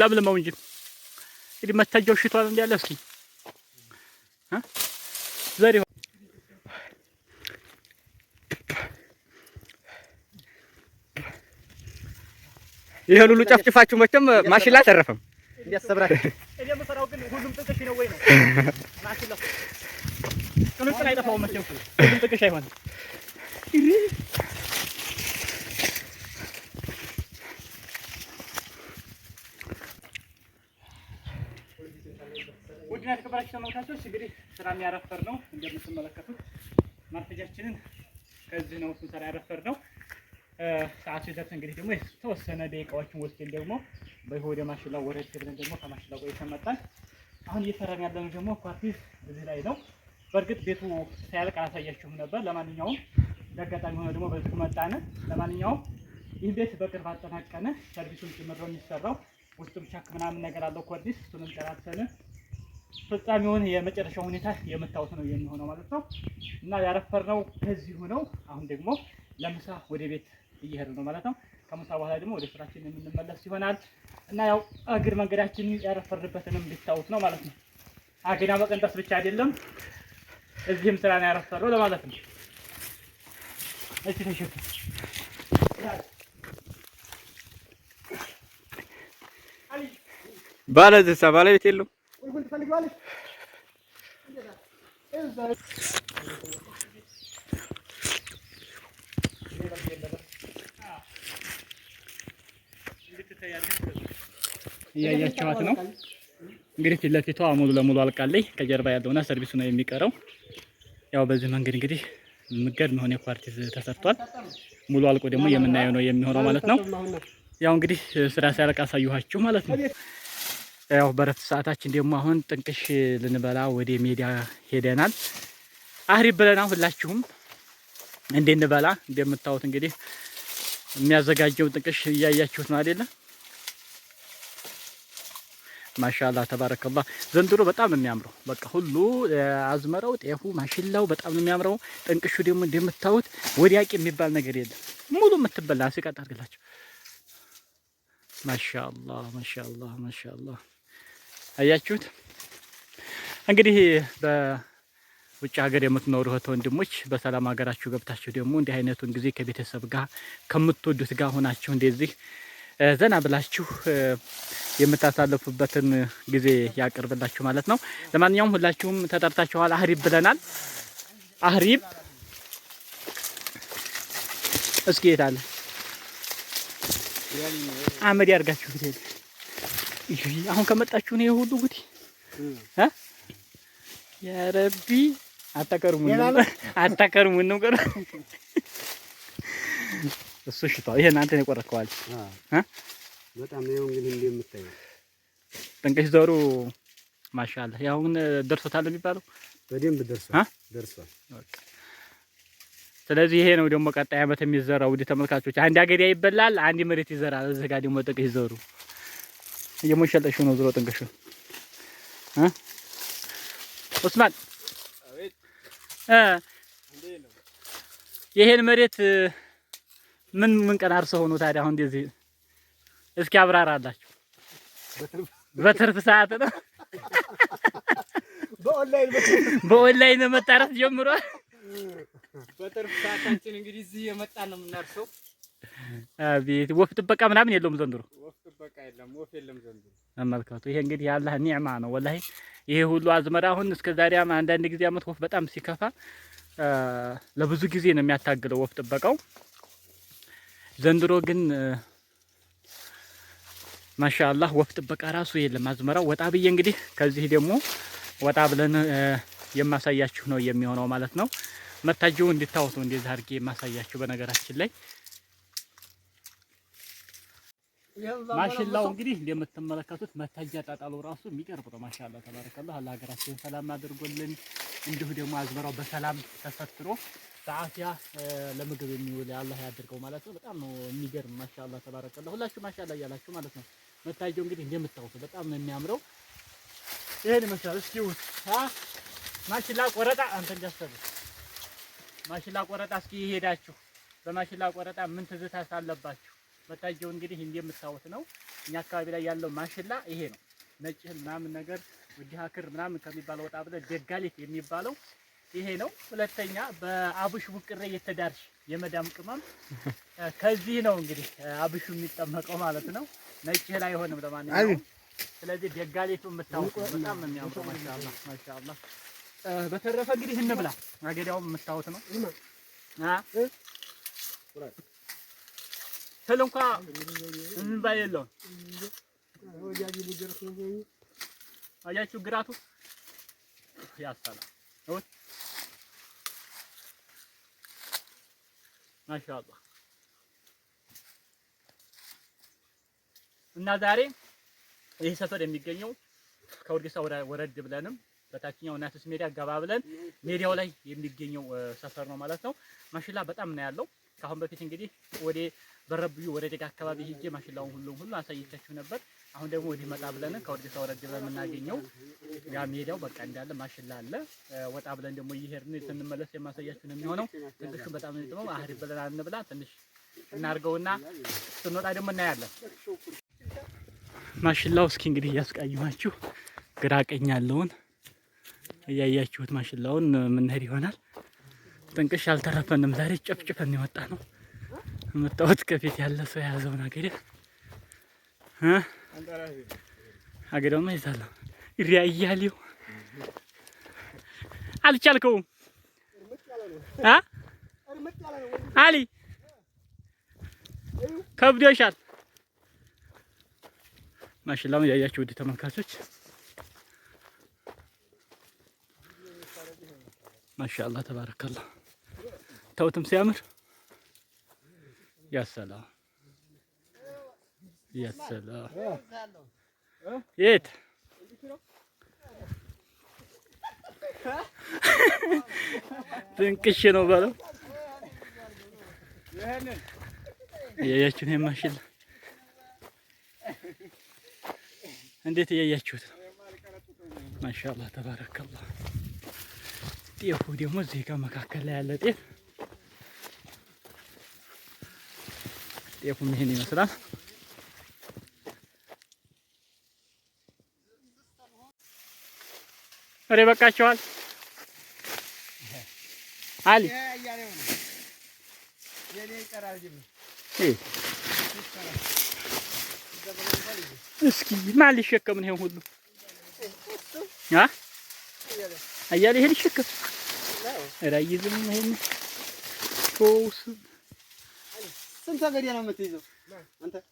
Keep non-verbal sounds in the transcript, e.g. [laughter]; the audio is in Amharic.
ለምልመው እንጂ እንግዲህ መታጃው ሽቷል እንዲያለ እስኪ ዘሪ ይሄ ሁሉ ጨፍጭፋችሁ መቼም ማሽላ አተረፈም። እንዲያሰብራችሁ ነው ነው ውድና የተከበራችሁ ተመልካቾች እንግዲህ ስራ የሚያረፈር ነው እንደምትመለከቱት ማርፈጃችንን ከዚህ ነው ስንሰራ ያረፈር ነው። ሰዓቱ ይዘርስ እንግዲህ ደግሞ የተወሰነ ደቂቃዎችን ወስደን ደግሞ በይሁ ማሽላ ወረድ ብለን ደግሞ ከማሽላ ቆይ ተመጣን። አሁን እየሰራን ያለነው ደግሞ ኳርቲዝ እዚህ ላይ ነው። በእርግጥ ቤቱ ሳያልቅ አላሳያችሁም ነበር። ለማንኛውም ለአጋጣሚ ሆነ ደግሞ በዚህ መጣነ። ለማንኛውም ይህ ቤት በቅርብ አጠናቀነ። ሰርቪሱን ጭምር ነው የሚሰራው። ውስጡ ብቻክ ምናምን ነገር አለው ኮርኒስ እሱንም ጨራሰነ ፍጻሜውን የመጨረሻው ሁኔታ የምታዩት ነው የሚሆነው ማለት ነው። እና ያረፈርነው ከዚሁ ነው። አሁን ደግሞ ለምሳ ወደ ቤት እየሄደ ነው ማለት ነው። ከምሳ በኋላ ደግሞ ወደ ስራችን የምንመለስ ይሆናል እና ያው እግር መንገዳችን ያረፈርንበትንም እንድታዩት ነው ማለት ነው። አገና መቀንጠስ ብቻ አይደለም፣ እዚህም ስራ ነው ያረፈረው ለማለት ነው። እሺ ተሸክም ባለ ባለቤት የለው እርጉን ትፈልጊዋለሽ? እያያቸዋት ነው እንግዲህ ፊት ለፊቷ ሙሉ ለሙሉ አልቃለች። ከጀርባ ያለውና ሰርቪሱ ነው የሚቀረው። ያው በዚህ መንገድ እንግዲህ ምገድ መሆን የኳርቲዝ ተሰርቷል። ሙሉ አልቆ ደግሞ የምናየው ነው የሚሆነው ማለት ነው። ያው እንግዲህ ስራ ሲያልቅ አሳየኋችሁ ማለት ነው። ያው በረፍት ሰዓታችን ደግሞ አሁን ጥንቅሽ ልንበላ ወደ ሜዳ ሄደናል። አህሪ ብለና ሁላችሁም እንድንበላ እንደምታዩት እንግዲህ የሚያዘጋጀው ጥንቅሽ እያያችሁት ነው አይደለ? ማሻላ ተባረከላ። ዘንድሮ በጣም ነው የሚያምረው። በቃ ሁሉ አዝመራው፣ ጤፉ፣ ማሽላው በጣም ነው የሚያምረው። ጥንቅሹ ደግሞ እንደምታዩት ወዲያቂ የሚባል ነገር የለም። ሙሉ የምትበላ ሲቀጥ አድርግላችሁ። ማሻላ ማሻላ ማሻላ አያችሁት። እንግዲህ በውጭ ሀገር የምትኖሩ እህት ወንድሞች በሰላም ሀገራችሁ ገብታችሁ ደግሞ እንዲህ አይነቱን ጊዜ ከቤተሰብ ጋር ከምትወዱት ጋር ሆናችሁ እንደዚህ ዘና ብላችሁ የምታሳልፉበትን ጊዜ ያቀርብላችሁ ማለት ነው። ለማንኛውም ሁላችሁም ተጠርታችኋል። አህሪብ ብለናል። አህሪብ እስኪ የት አለ አመድ ያርጋችሁ ሄድ አሁን ከመጣችሁ ነው የሁሉ ጉዲ ያ ረቢ አታከርሙን አታከርሙን ነው ቀረ እሱ ሽታው ይሄን አንተ ነው የቆረጥከዋል እ በጣም ነው እንግዲህ እንደምታየው ጠንቀሽ ዘሩ ማሻአላ ያው ግን ደርሶታል የሚባለው በደንብ ደርሷል ደርሷል ስለዚህ ይሄ ነው ደግሞ ቀጣይ ዓመት የሚዘራው ውድ ተመልካቾች አንድ አገዳ ይበላል አንድ መሬት ይዘራል እዚህ ጋር ደግሞ ጠንቀሽ ዘሩ እየሞሸለጥሽው ነው ዝሮ ጥንቅሽው ኡስማን ይሄን መሬት ምን ምን ቀን አርሶ ሆኖ ታዲያ አሁን እንደዚህ እስኪ አብራራላችሁ። በትርፍ ሰዓት ነው በኦንላይን መታረስ ጀምሯል። በትርፍ ሰዓታችን እንግዲህ እዚህ የመጣን ነው የምናርሰው። አቤት ወፍ ጥበቃ ምናምን የለውም ዘንድሮ መመልከቱ ይሄ እንግዲህ የአላህ ኒዕማ ነው። ወላሂ ይሄ ሁሉ አዝመራ አሁን እስከ ዛሬ አንዳንድ ጊዜ አመት ወፍ በጣም ሲከፋ ለብዙ ጊዜ ነው የሚያታግለው ወፍ ጥበቃው። ዘንድሮ ግን ማሻአላህ ወፍ ጥበቃ ራሱ የለም አዝመራው። ወጣ ብዬ እንግዲህ ከዚህ ደግሞ ወጣ ብለን የማሳያችሁ ነው የሚሆነው ማለት ነው። መታጀው እንድታወቱ እንደዚህ አድርጌ የማሳያችሁ በነገራችን ላይ ማሽላው እንግዲህ እንደምትመለከቱት መታጃ ጣጣለው ራሱ የሚቀርብ ነው። ማሻላ ተባረከላ አላህ ሰላም አድርጎልን፣ እንዲሁ ደግሞ አዝመራው በሰላም ተፈትኖ በአፊያ ለምግብ የሚውል አላህ ያድርገው ማለት ነው። በጣም ነው የሚገርም። ማሻላ ተባረከላ ሁላችሁ ማሻላ እያላችሁ ማለት ነው። መታጃው እንግዲህ እንደምታውቁት በጣም ነው የሚያምረው። ይሄን ይመስላል። እስኪ ውስጥ አ ማሽላ ቆረጣ አንተ እንዳሰበ ማሽላ ቆረጣ እስኪ ይሄዳችሁ በማሽላ ቆረጣ ምን ትዝታስ አለባችሁ? መታጀው እንግዲህ እንደምታዩት ነው። እኛ አካባቢ ላይ ያለው ማሽላ ይሄ ነው። ነጭ ምናምን ነገር ወዲህ አክር ምናምን ከሚባለው ወጣ ብለ ደጋሊት የሚባለው ይሄ ነው። ሁለተኛ በአብሽ ቡቅሬ የተዳርሽ የመዳም ቅመም [laughs] ከዚህ ነው እንግዲህ አብሹ የሚጠመቀው ማለት ነው። ነጭ ላይ አይሆንም ለማንኛውም። ስለዚህ ደጋሊቱ የምታውቁ በጣም ነው የሚያምሩ። ማሻአላ ማሻአላ። በተረፈ እንግዲህ እንብላ። አገዳውም የምታውት ነው። አ ስል እንኳ የለውም። አያችሁ ግራቱ ማሻአላ እና ዛሬ ይህ ሰፈር የሚገኘው ከወርጌሳ ወረድ ብለንም በታችኛው እናትስ ሜዳ ገባ ብለን ሜዳው ላይ የሚገኘው ሰፈር ነው ማለት ነው። ማሽላ በጣም ነው ያለው። ከአሁን በፊት እንግዲህ ወደ በረብዩ ወደ ደጋ አካባቢ ሄጄ ማሽላውን ሁሉ ሁሉ አሳይቻችሁ ነበር። አሁን ደግሞ ወዲህ መጣ ብለን ከወርጌሳ ወረድ ብለን የምናገኘው ያ ሜዳው በቃ እንዳለ ማሽላ አለ። ወጣ ብለን ደግሞ እየሄድን ስንመለስ የማሳያችሁ ነው የሚሆነው። ትንሹን በጣም የሚጥመው አህሪ ብለን አንብላ ትንሽ እናርገውና ስንወጣ ደግሞ እናያለን። ማሽላው እስኪ እንግዲህ እያስቃየኋችሁ ግራ ቀኝ ያለውን እያያችሁት ማሽላውን ምንሄድ ይሆናል። ጥንቅሽ አልተረፈንም ዛሬ ጨፍጭፈን የወጣ ነው። የምታወት ከፊት ያለ ሰው የያዘውን አገዳ አገዳውማ ይዛለሁ። እሪያያሌው አልቻልከውም። አሊ ከብዶሻል። ማሽላውን ያያችሁ ውድ ተመልካቾች ማሻአላህ ተባረከላ። ተውትም ሲያምር Ya selam. Ya selam. ነው ባለው እያያችሁን የማሽል እንዴት እያያችሁት ነው? ማሻአላህ ተባረከላህ። ጤፉ ደግሞ እዚህ ጋር መካከል ላይ ያለ ጤፍ 예쁜 해님이었어라. અરે બકા ચાલ હાલી માલી શકમ ને હું હા અહીંયા હેરી શકમ અરે અહીંયા તો ስንት አገዳ ነው የምትይዘው አንተ?